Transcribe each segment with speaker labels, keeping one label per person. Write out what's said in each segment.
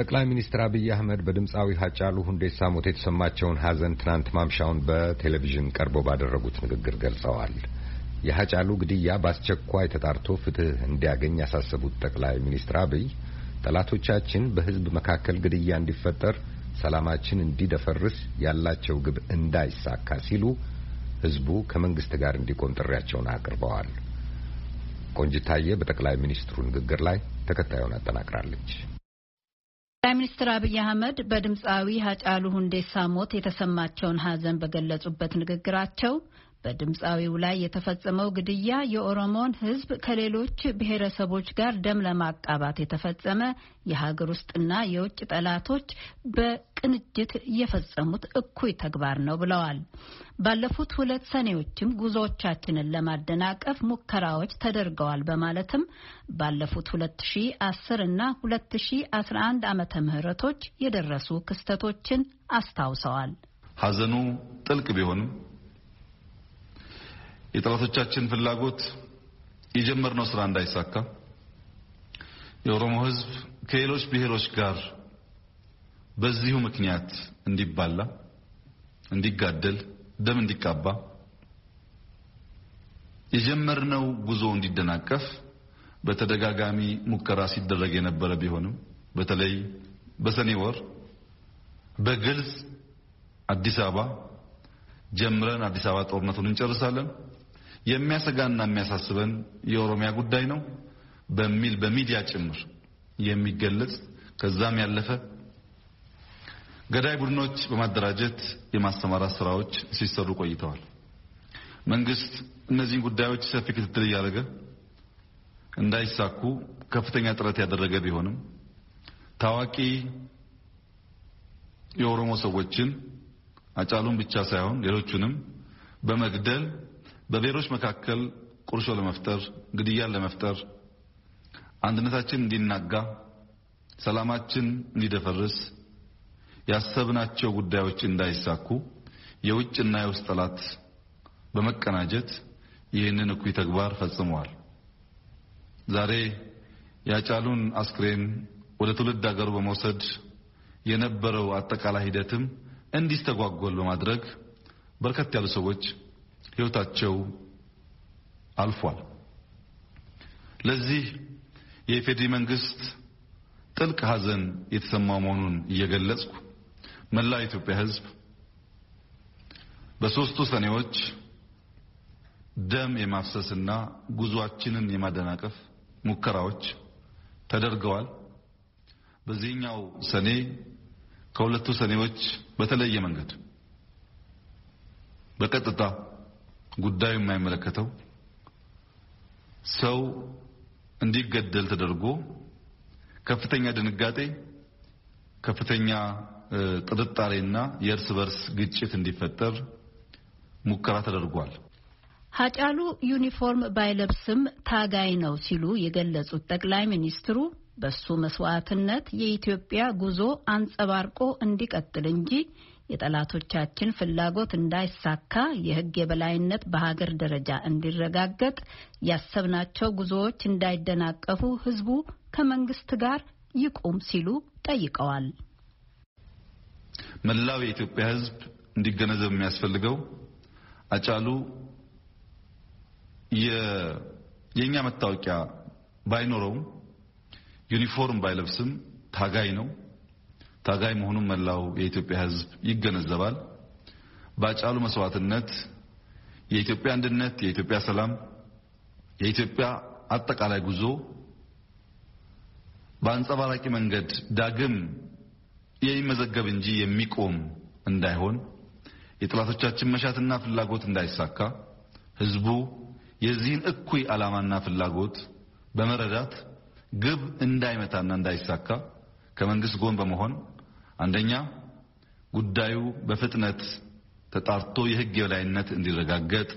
Speaker 1: ጠቅላይ ሚኒስትር አብይ አህመድ በድምፃዊ ሀጫሉ ሁንዴሳ ሞት የተሰማቸውን ሀዘን ትናንት ማምሻውን በቴሌቪዥን ቀርቦ ባደረጉት ንግግር ገልጸዋል። የሀጫሉ ግድያ በአስቸኳይ ተጣርቶ ፍትህ እንዲያገኝ ያሳሰቡት ጠቅላይ ሚኒስትር አብይ ጠላቶቻችን በህዝብ መካከል ግድያ እንዲፈጠር ሰላማችን እንዲደፈርስ ያላቸው ግብ እንዳይሳካ ሲሉ ህዝቡ ከመንግስት ጋር እንዲቆም ጥሪያቸውን አቅርበዋል። ቆንጅታየ በጠቅላይ ሚኒስትሩ ንግግር ላይ ተከታዩን አጠናቅራለች።
Speaker 2: ጠቅላይ ሚኒስትር አብይ አህመድ በድምፃዊ ሀጫሉ ሁንዴሳ ሞት የተሰማቸውን ሀዘን በገለጹበት ንግግራቸው በድምፃዊው ላይ የተፈጸመው ግድያ የኦሮሞን ሕዝብ ከሌሎች ብሔረሰቦች ጋር ደም ለማቃባት የተፈጸመ የሀገር ውስጥና የውጭ ጠላቶች በቅንጅት የፈጸሙት እኩይ ተግባር ነው ብለዋል። ባለፉት ሁለት ሰኔዎችም ጉዞዎቻችንን ለማደናቀፍ ሙከራዎች ተደርገዋል በማለትም ባለፉት 2010 እና 2011 ዓመተ ምህረቶች የደረሱ ክስተቶችን አስታውሰዋል።
Speaker 1: ሀዘኑ ጥልቅ ቢሆንም የጠላቶቻችን ፍላጎት የጀመርነው ስራ እንዳይሳካ የኦሮሞ ህዝብ ከሌሎች ብሔሮች ጋር በዚሁ ምክንያት እንዲባላ፣ እንዲጋደል፣ ደም እንዲቃባ የጀመርነው ጉዞ እንዲደናቀፍ በተደጋጋሚ ሙከራ ሲደረግ የነበረ ቢሆንም በተለይ በሰኔ ወር በግልጽ አዲስ አበባ ጀምረን አዲስ አበባ ጦርነቱን እንጨርሳለን የሚያሰጋና የሚያሳስበን የኦሮሚያ ጉዳይ ነው በሚል በሚዲያ ጭምር የሚገለጽ ከዛም ያለፈ ገዳይ ቡድኖች በማደራጀት የማሰማራት ስራዎች ሲሰሩ ቆይተዋል። መንግስት እነዚህን ጉዳዮች ሰፊ ክትትል እያደረገ እንዳይሳኩ ከፍተኛ ጥረት ያደረገ ቢሆንም ታዋቂ የኦሮሞ ሰዎችን አጫሉን ብቻ ሳይሆን ሌሎቹንም በመግደል በብሔሮች መካከል ቁርሾ ለመፍጠር፣ ግድያን ለመፍጠር፣ አንድነታችን እንዲናጋ፣ ሰላማችን እንዲደፈርስ፣ ያሰብናቸው ጉዳዮች እንዳይሳኩ የውጭና የውስጥ ጠላት በመቀናጀት ይህንን እኩይ ተግባር ፈጽመዋል። ዛሬ ያጫሉን አስክሬን ወደ ትውልድ አገሩ በመውሰድ የነበረው አጠቃላይ ሂደትም እንዲስተጓጎል በማድረግ በርከት ያሉ ሰዎች ህይወታቸው አልፏል። ለዚህ የኢፌዴሪ መንግስት ጥልቅ ሐዘን የተሰማው መሆኑን እየገለጽኩ መላ የኢትዮጵያ ህዝብ በሦስቱ ሰኔዎች ደም የማፍሰስና ጉዟችንን የማደናቀፍ ሙከራዎች ተደርገዋል። በዚህኛው ሰኔ ከሁለቱ ሰኔዎች በተለየ መንገድ በቀጥታ ጉዳዩ የማይመለከተው ሰው እንዲገደል ተደርጎ ከፍተኛ ድንጋጤ፣ ከፍተኛ ጥርጣሬና የእርስ በርስ ግጭት እንዲፈጠር ሙከራ ተደርጓል።
Speaker 2: ሀጫሉ ዩኒፎርም ባይለብስም ታጋይ ነው ሲሉ የገለጹት ጠቅላይ ሚኒስትሩ በሱ መስዋዕትነት የኢትዮጵያ ጉዞ አንጸባርቆ እንዲቀጥል እንጂ የጠላቶቻችን ፍላጎት እንዳይሳካ የህግ የበላይነት በሀገር ደረጃ እንዲረጋገጥ፣ ያሰብናቸው ጉዞዎች እንዳይደናቀፉ ህዝቡ ከመንግስት ጋር ይቁም ሲሉ ጠይቀዋል።
Speaker 1: መላው የኢትዮጵያ ህዝብ እንዲገነዘብ የሚያስፈልገው አጫሉ የእኛ መታወቂያ ባይኖረውም ዩኒፎርም ባይለብስም ታጋይ ነው። ታጋይ መሆኑን መላው የኢትዮጵያ ሕዝብ ይገነዘባል። ባጫሉ መስዋዕትነት የኢትዮጵያ አንድነት፣ የኢትዮጵያ ሰላም፣ የኢትዮጵያ አጠቃላይ ጉዞ በአንጸባራቂ መንገድ ዳግም የሚመዘገብ እንጂ የሚቆም እንዳይሆን የጥላቶቻችን መሻትና ፍላጎት እንዳይሳካ ህዝቡ የዚህን እኩይ ዓላማና ፍላጎት በመረዳት ግብ እንዳይመታና እንዳይሳካ ከመንግስት ጎን በመሆን አንደኛ ጉዳዩ በፍጥነት ተጣርቶ የህግ የበላይነት እንዲረጋገጥ፣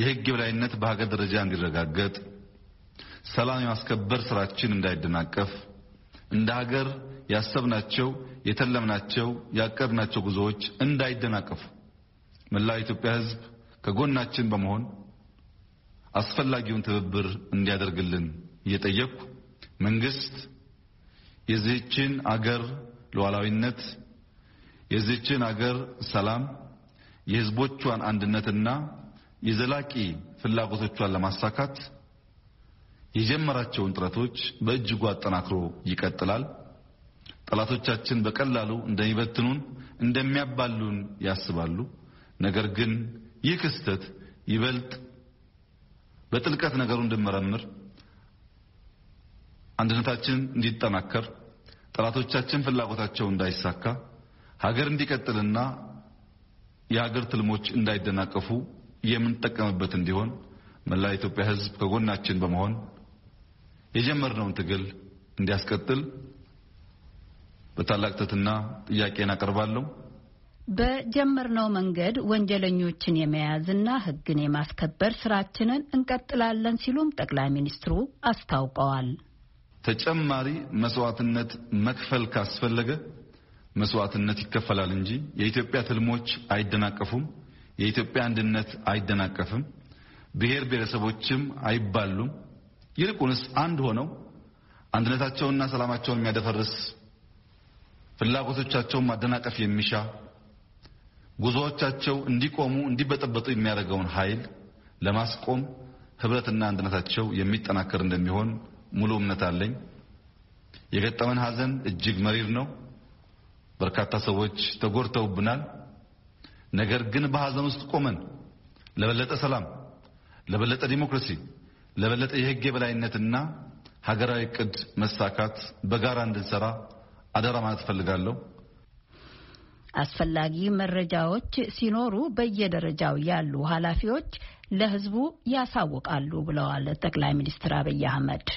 Speaker 1: የህግ የበላይነት በሀገር ደረጃ እንዲረጋገጥ፣ ሰላም የማስከበር ስራችን እንዳይደናቀፍ፣ እንደ ሀገር ያሰብናቸው የተለምናቸው ያቀድናቸው ጉዞዎች እንዳይደናቀፉ መላው ኢትዮጵያ ህዝብ ከጎናችን በመሆን አስፈላጊውን ትብብር እንዲያደርግልን እየጠየቅኩ መንግስት የዚህችን አገር ሉዓላዊነት፣ የዚችን አገር ሰላም፣ የህዝቦቿን አንድነትና የዘላቂ ፍላጎቶቿን ለማሳካት የጀመራቸውን ጥረቶች በእጅጉ አጠናክሮ ይቀጥላል። ጠላቶቻችን በቀላሉ እንደሚበትኑን፣ እንደሚያባሉን ያስባሉ። ነገር ግን ይህ ክስተት ይበልጥ በጥልቀት ነገሩን እንድመረምር አንድነታችን እንዲጠናከር ጠላቶቻችን ፍላጎታቸው እንዳይሳካ ሀገር እንዲቀጥልና የሀገር ትልሞች እንዳይደናቀፉ የምንጠቀምበት እንዲሆን መላ ኢትዮጵያ ሕዝብ ከጎናችን በመሆን የጀመርነውን ትግል እንዲያስቀጥል በታላቅ ትህትና ጥያቄን አቀርባለሁ።
Speaker 2: በጀመርነው መንገድ ወንጀለኞችን የመያዝና ሕግን የማስከበር ስራችንን እንቀጥላለን ሲሉም ጠቅላይ ሚኒስትሩ አስታውቀዋል።
Speaker 1: ተጨማሪ መስዋዕትነት መክፈል ካስፈለገ መስዋዕትነት ይከፈላል እንጂ የኢትዮጵያ ትልሞች አይደናቀፉም። የኢትዮጵያ አንድነት አይደናቀፍም። ብሔር ብሔረሰቦችም አይባሉም። ይልቁንስ አንድ ሆነው አንድነታቸውንና ሰላማቸውን የሚያደፈርስ ፍላጎቶቻቸውን ማደናቀፍ የሚሻ ጉዞዎቻቸው እንዲቆሙ እንዲበጠበጡ የሚያደርገውን ኃይል ለማስቆም ህብረትና አንድነታቸው የሚጠናከር እንደሚሆን ሙሉ እምነት አለኝ። የገጠመን ሀዘን እጅግ መሪር ነው። በርካታ ሰዎች ተጎድተውብናል። ነገር ግን በሀዘን ውስጥ ቆመን ለበለጠ ሰላም፣ ለበለጠ ዲሞክራሲ፣ ለበለጠ የህግ የበላይነትና ሀገራዊ እቅድ መሳካት በጋራ እንድንሰራ አደራ ማለት እፈልጋለሁ።
Speaker 2: አስፈላጊ መረጃዎች ሲኖሩ በየደረጃው ያሉ ኃላፊዎች ለህዝቡ ያሳውቃሉ ብለዋል ጠቅላይ ሚኒስትር አብይ አህመድ።